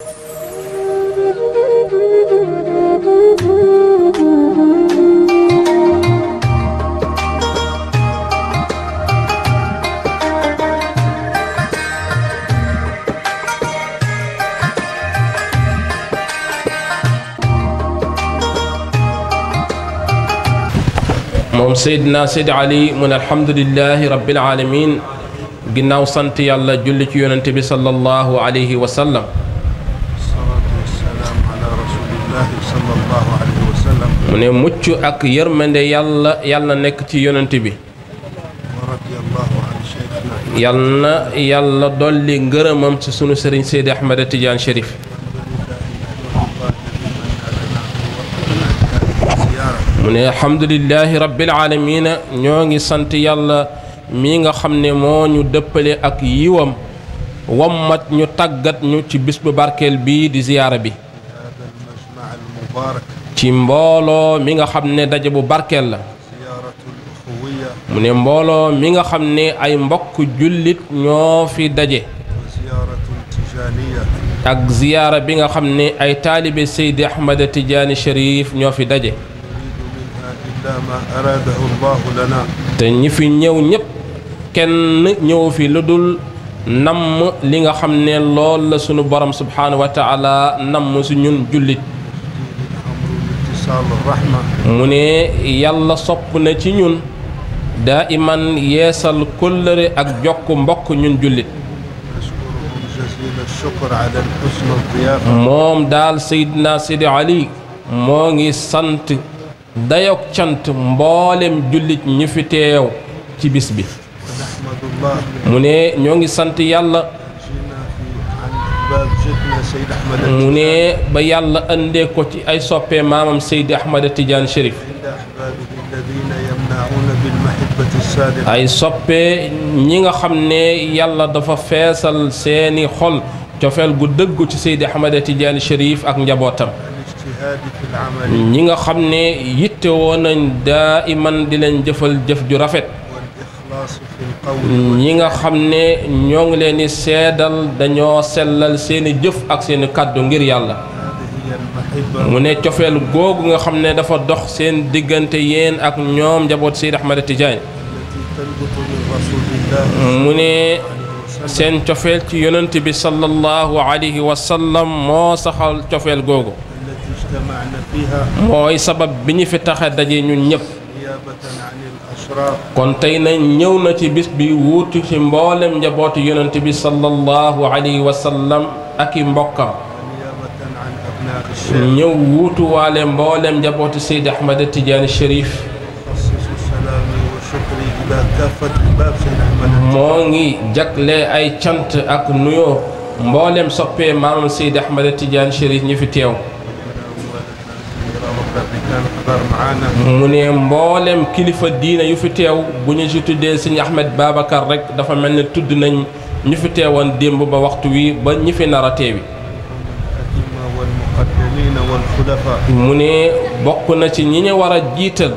موم سيدنا سيد علي من الحمد لله رب العالمين جناو سنتي الله جل جلاله صلى الله عليه وسلم mu ne mucc ak yërmande yàlla yàlla na nekk ci yonent bi yal na yàlla dolli ngërëmam ci sunu sëriñ Seydi Ahmada Tidiane Chérif mu ne alhamdulilahi rabbil aalamiina ñoo ngi sant yàlla mi nga xam ne moo ñu dëppale ak yiwam wammat ñu tàggat ñu ci bis bu barkeel bii di ziyaara bi ci mbooloo mi nga xam ne daje bu barkeel la mu ne mbooloo mi nga xam ne ay mbokk jullit ñoo fi daje ak ziyaara bi nga xam ne ay taalibe Seydi Ahmada Tijaani Chérif ñoo fi daje te ñi fi ñëw ñépp kenn ñëw fi lu dul namm li nga xam ne lool la sunu borom subhaanahu wa taala namm su jullit mu ne yàlla sopp na ci ñun daa iman yeesal kóllëre ak jokk mbokk ñun jullit moom daal Seydina Sidi Ali moo ngi sant dayok cant mboolem jullit ñi fi teew ci bis bi mu ne ñoo ngi sant yàlla mu ne ba yàlla andee ko ci ay soppee maamam Seydi Ahmad Tidiane Chérif ay soppee ñi nga xam ne yàlla dafa feesal seeni xol cofeel gu dëggu ci Seydi Ahmad Tidiane Chérif ak njabootam ñi nga xam ne yitte woon nañ daa iman di leen jëfal jëf ju rafet Hmm, ñi nga xam ne ñoo ngi leen di seedal dañoo sellal seeni jëf ak seeni kàddu ngir yàlla mu ne cofeel googu nga xam ne dafa dox seen diggante yéen ak ñoom njaboot Seydi Ahmada Tidiane mu ne seen cofeel ci yonent bi sallallahu alayhi wa moo saxal cofeel googu mooy sabab bi ñu fi taxa daje ñun ñëpp kon tey nañ ñëw na ci bis bi wuutu ci mboolem njabootu yonent bi sallallahu alayhi wa sallam ak i mbokkam ñëw wuutu waale mboolem njabootu Seydi Ahmed Tidiane Chérif moo ngi jagle ay cant ak nuyoo mboolem soppee maamam Seydi Ahmed Tidiane Chérif ñu fi teew mu ne mboolem kilifa diina yu fi teew bu ci tuddee sëñ Ahmed Babacar rek dafa mel ne tudd nañ ñu fi teewoon démb ba waxtu wi ba ñi fi nar a teewi mu na ci ñi ñu war a jiital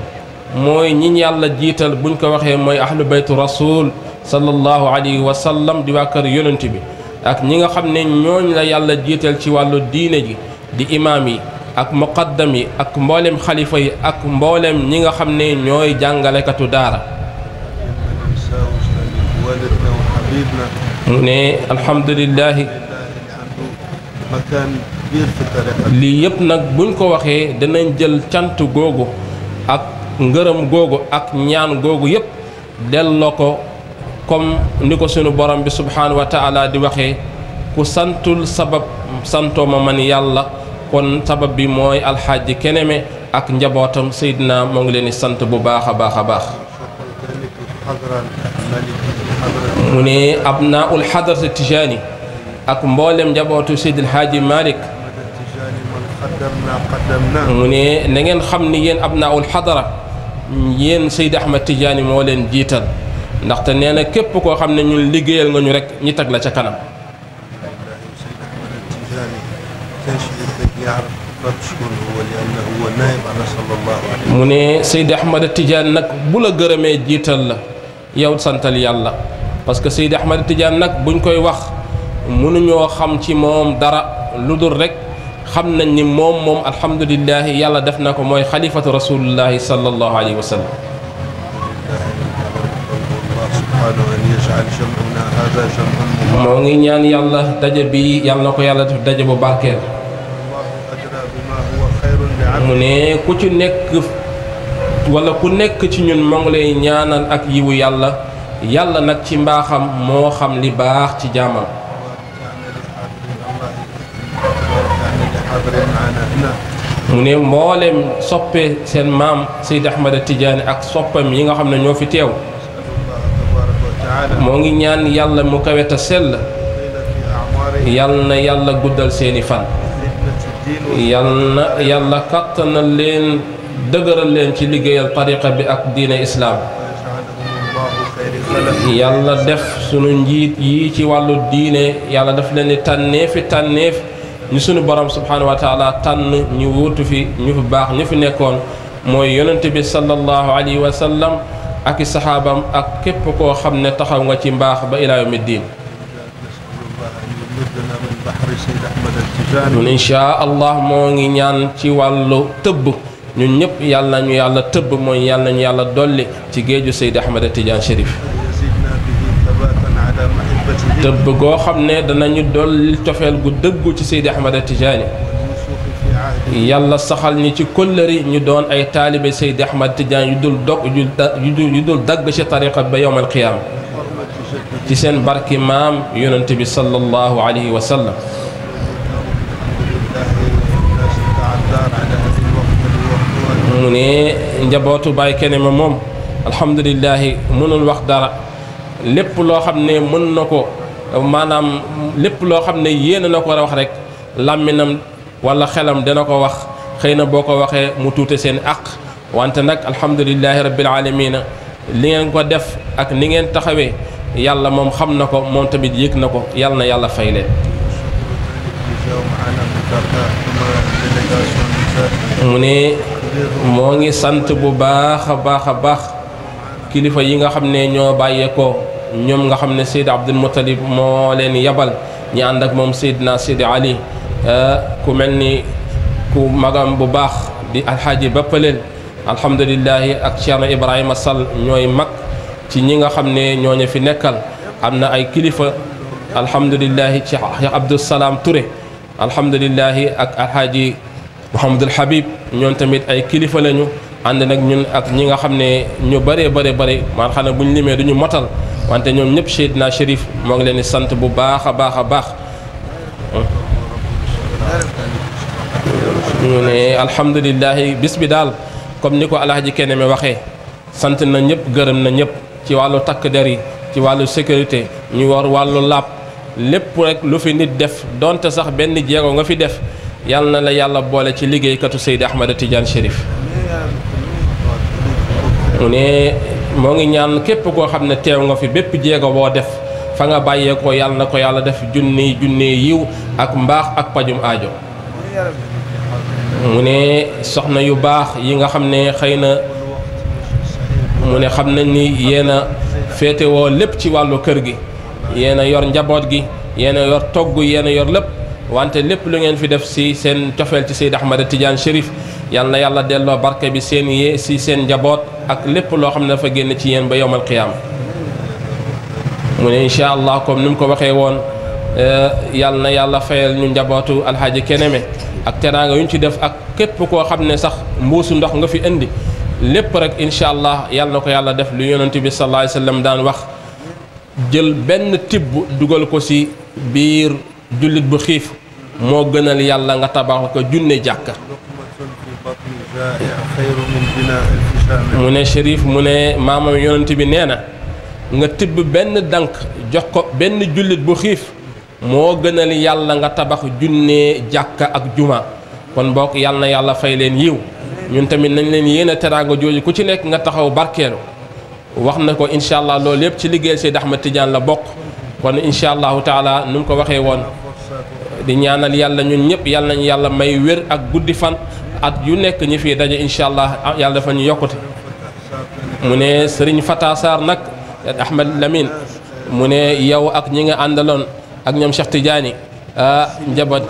mooy ñi yàlla jiital buñ ko waxee mooy ahlu baytu rasul sallallahu alayhi wa sallam di waa kër yonent bi ak ñi nga xam ne la yàlla jiital ci wàllu diine ji di imaam yi ak muqaddam yi ak mboolem xalifa yi ak mboolem ñi nga xam ne ñooy jàngalekatu daara mu ne alhamdulilahi lii yëpp nag buñ ko waxee danañ jël cant googu ak ngërëm googu ak ñaan googu yëpp delloo ko comme ni ko sunu borom bi subhaanahu wa taala di waxee ku santul sabab santoo ma man yàlla kon sabab bi moy al alxaaji Keneme ak njabotam sayyidina mo ngi leni sante bu baakha baakha baax muné abna al hadr ab naa ak mbollem njabotu Seydil Haaji Malick mu ne na ngeen xamni yéen abna al hadr yéen sayyid ahmed tijani mo len jital ndax ta neena kep ko xamne ne ñun liggéeyal nga ñu rek ñi tag la ca kanam كانش يعرف شكون هو لانه هو نائب على الله عليه وسلم مني سيدي احمد التجان نك جيتال ياو سانتال يالا باسكو احمد التجان نك بو نكوي واخ منو نيو خام تي موم دارا لودور رك خام نان ني موم الحمد لله يالا دفناكو موي خليفه رسول الله صلى الله عليه وسلم moo ngi ñaan yàlla daje bi yàlla ko yàlla def daje bu barkeel mu ne ku ci nekk ku nekk ci ñun moo ngi ñaanal ak yiwu yàlla yàlla nag ci mbaaxam moo xam li baax ci jaamam mu mboolem soppe seen maam Seyd Ahmada Tijaani ak soppam yi nga xam ne ñoo fi teew moo ngi ñaan yàlla mu kawe te sell yal na yàlla guddal seeni fan yal na yàlla kattanal leen dëgëral leen ci liggéeyal tariqa bi ak diine islaam yàlla def sunu njiit yi ci wàllu diine yàlla daf leen di tànneefi tànneef ñu sunu borom subhaanahu wa taala tànn ñu wuutu fi ñu fi baax ñu fi nekkoon mooy yonent bi sallallahu alayhi wa sallam ak i saxaabam ak képp koo xam ne taxaw nga ci mbaax ba ilaa yawmi diin ñun insha allah moo ngi ñaan ci wàllu tëbb ñun ñëpp yàlla nañu yàlla tëbb mooy yàlla nañu yàlla dolli ci géeju Seydi Ahmada Tidiane Chérif tëbb goo xam ne danañu dolli cofeel gu dëggu ci Seydi Ahmada Tidiane yàlla saxal ni ci kóllëri ñu doon ay taalibe Seydi Ahmad Tidiane yu dul dog yu dul dagg ci tariqa ba yowmal qiyaam ci seen barki maam yonent bi sallallahu alayhi wa sallam mu ne njabootu Baay Kenema moom alhamdulilahi mënul wax dara lépp loo xam ne mën na ko maanaam lépp loo xam ne yéene na ko war a wax rek làmminam wala xelam dana ko wax xëy na boo ko waxee mu tuute seen àq wante nag alhamdulilahi rabbil alamina li ngeen ko def ak ni ngeen taxawee yàlla moom xam na ko moom tamit yëg na ko yàlla na yàlla fay leen mu ne moo ngi sant bu baax a baax a baax kilifa yi nga xam ne ñoo bàyyeekoo ñoom nga xam ne Seyd Abdul Muttalib moo leen yabal ñi ànd ak moom Seydina Seydi Ali ku mel ni ku magam bu baax di alxaaji bappaleen alhamdulilahi ak Thierno Ibrahima Sall ñooy mag ci ñi nga xam ne fi nekkal am ay kilifa alhamdulilahi ci Abdou Salam Touré alhamdulilahi ak alxaaji Mouhamadul Habib ñoom tamit ay kilifa lañu ànd nag ñun ak ñi nga xam ne ñu bëree bëri bëri maanaam xam ne bu ñu motal wante ñoom ñëpp Seydina Chérif moo ngi leen di bu baax a baax ñu ne alhamdulilahi bis bi daal comme ni ko alhaji kene mi waxee sant na ñëpp gërëm na ñëpp ci wàllu takk der yi ci wàllu sécurité ñuy war wàllu làpp lépp rek lu fi nit def donte sax benn jéego nga fi def yal na la yàlla boole ci liggéeykatu Seydi Ahmada Tidiane Chérif mu ne moo ngi ñaan képp koo xam ne teew nga fi bépp jéego boo def fa nga bàyyeekoo yàlla na ko yàlla def junni junni yiw ak mbaax ak pajum ajo mu ne soxna yu baax yi nga xam ne xëy na mu ne xam nañ ni yéen a féetewoo lépp ci wàllu kër gi yéen a yor njaboot gi yéen a yor togg yéen a yor lépp wante lépp lu ngeen fi def si seen cofeel ci Seyd Ahmada Tidiane Chérif yal na yàlla delloo barke bi seen yee si seen njaboot ak lépp loo xam ne dafa génn ci yéen ba yowmal qiyaama mu ne incha allah comme ni mu ko waxee woon eh, yàll na yàlla fayal ñu njabootu alxaaji Keneme ak teraanga yu ñu ci def ak képp koo xam ne sax mbuusu ndox nga fi indi lépp rek incha allah yàlla na ko yàlla def lu yonent bi sallallahu alayhi wasallam daan wax jël benn tibb dugal ko ci biir jullit bu xiif moo gënal yàlla nga tabax ko junne jàkka mu ne Chérif mu ne maamam yonent bi nee na nga tibb benn dànk jox ko benn jullit bu xiif moo gënal yàlla nga tabax junnee jàkka ak juma kon bokk yàlla na yàlla fay leen yiw ñun tamit nañ leen yéene teraanga jooju ku ci nekk nga taxaw barkeelu wax na ko incha allah loolu yépp ci liggéeyal Seydi Ahmad Tidiane la bokk kon incha allahu taala nu mu ko waxee woon di ñaanal yàlla ñun ñëpp yàlla nañu yàlla may wér ak guddi fan at yu nekk ñi fii daje incha allah yàlla dafa ñu yokkute mu ne Serigne Fata Ahmed Lamine mu ne yow ak ñi nga àndaloon ak ñoom Cheikh Tidiane ah njaboot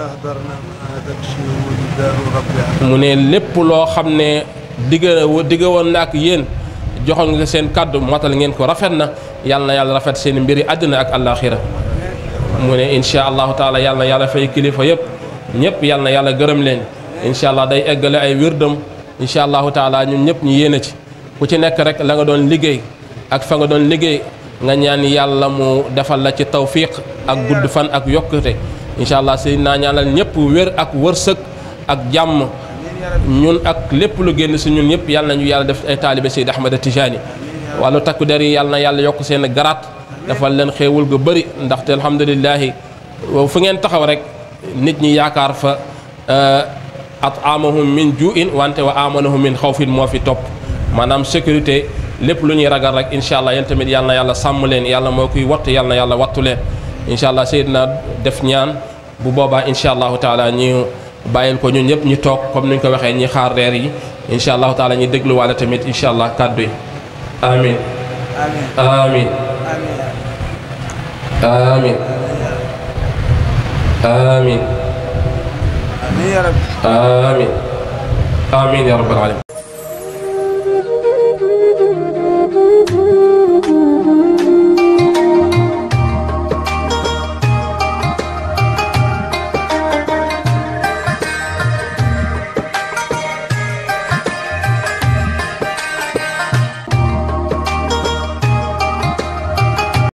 mu ne lépp loo xam ne digga digga woon na ak yéen joxoon nga seen kàddu motal ngeen ko rafet na yàlla na yàlla rafet seen mbiri àddina ak àllaaxira mu ne incha allahu taala yàlla na yàlla fay kilifa yëpp ñëpp yàlla na yàlla gërëm leen incha allah day eggale ay wirdam incha allahu taala ñun ñëpp ñu yéene ci ku ci nekk rek la nga doon liggéey. ak fa nga doon liggéey nga ñaan yàlla mu defal la ci tawfiq ak gudd fan ak yokkute incha allah si naa ñaanal ñëpp wér ak wërsëg ak jàmm ñun ak lépp lu génn si ñun ñëpp yàlla nañu yàlla def ay taalibe Seyd Ahmad Tijaani wàllu takku der yi yàlla na yàlla yokk seen garaat defal leen xéewul gu bëri ndaxte alhamdulilahi fu ngeen taxaw rek nit ñi yaakaar fa eh, at amahum min juin wante wa amanahum xaw xawfin moo fi topp maanaam sécurité lépp luñuy ragal rek inshallah allah yéen tamit yàlla yàlla sam leen yàlla mo koy wattu yàlla yàlla wattu leen incha allah def ñaan bu boba inshallah taala ñu bàyyil ko ñun ñep ñu tok comme niñ ko waxe ñi xaar reer yi inshallah taala ñi ñu wala tamit inshallah allah kàddu amin amin amin amin amin amin amin ya rabbal alamin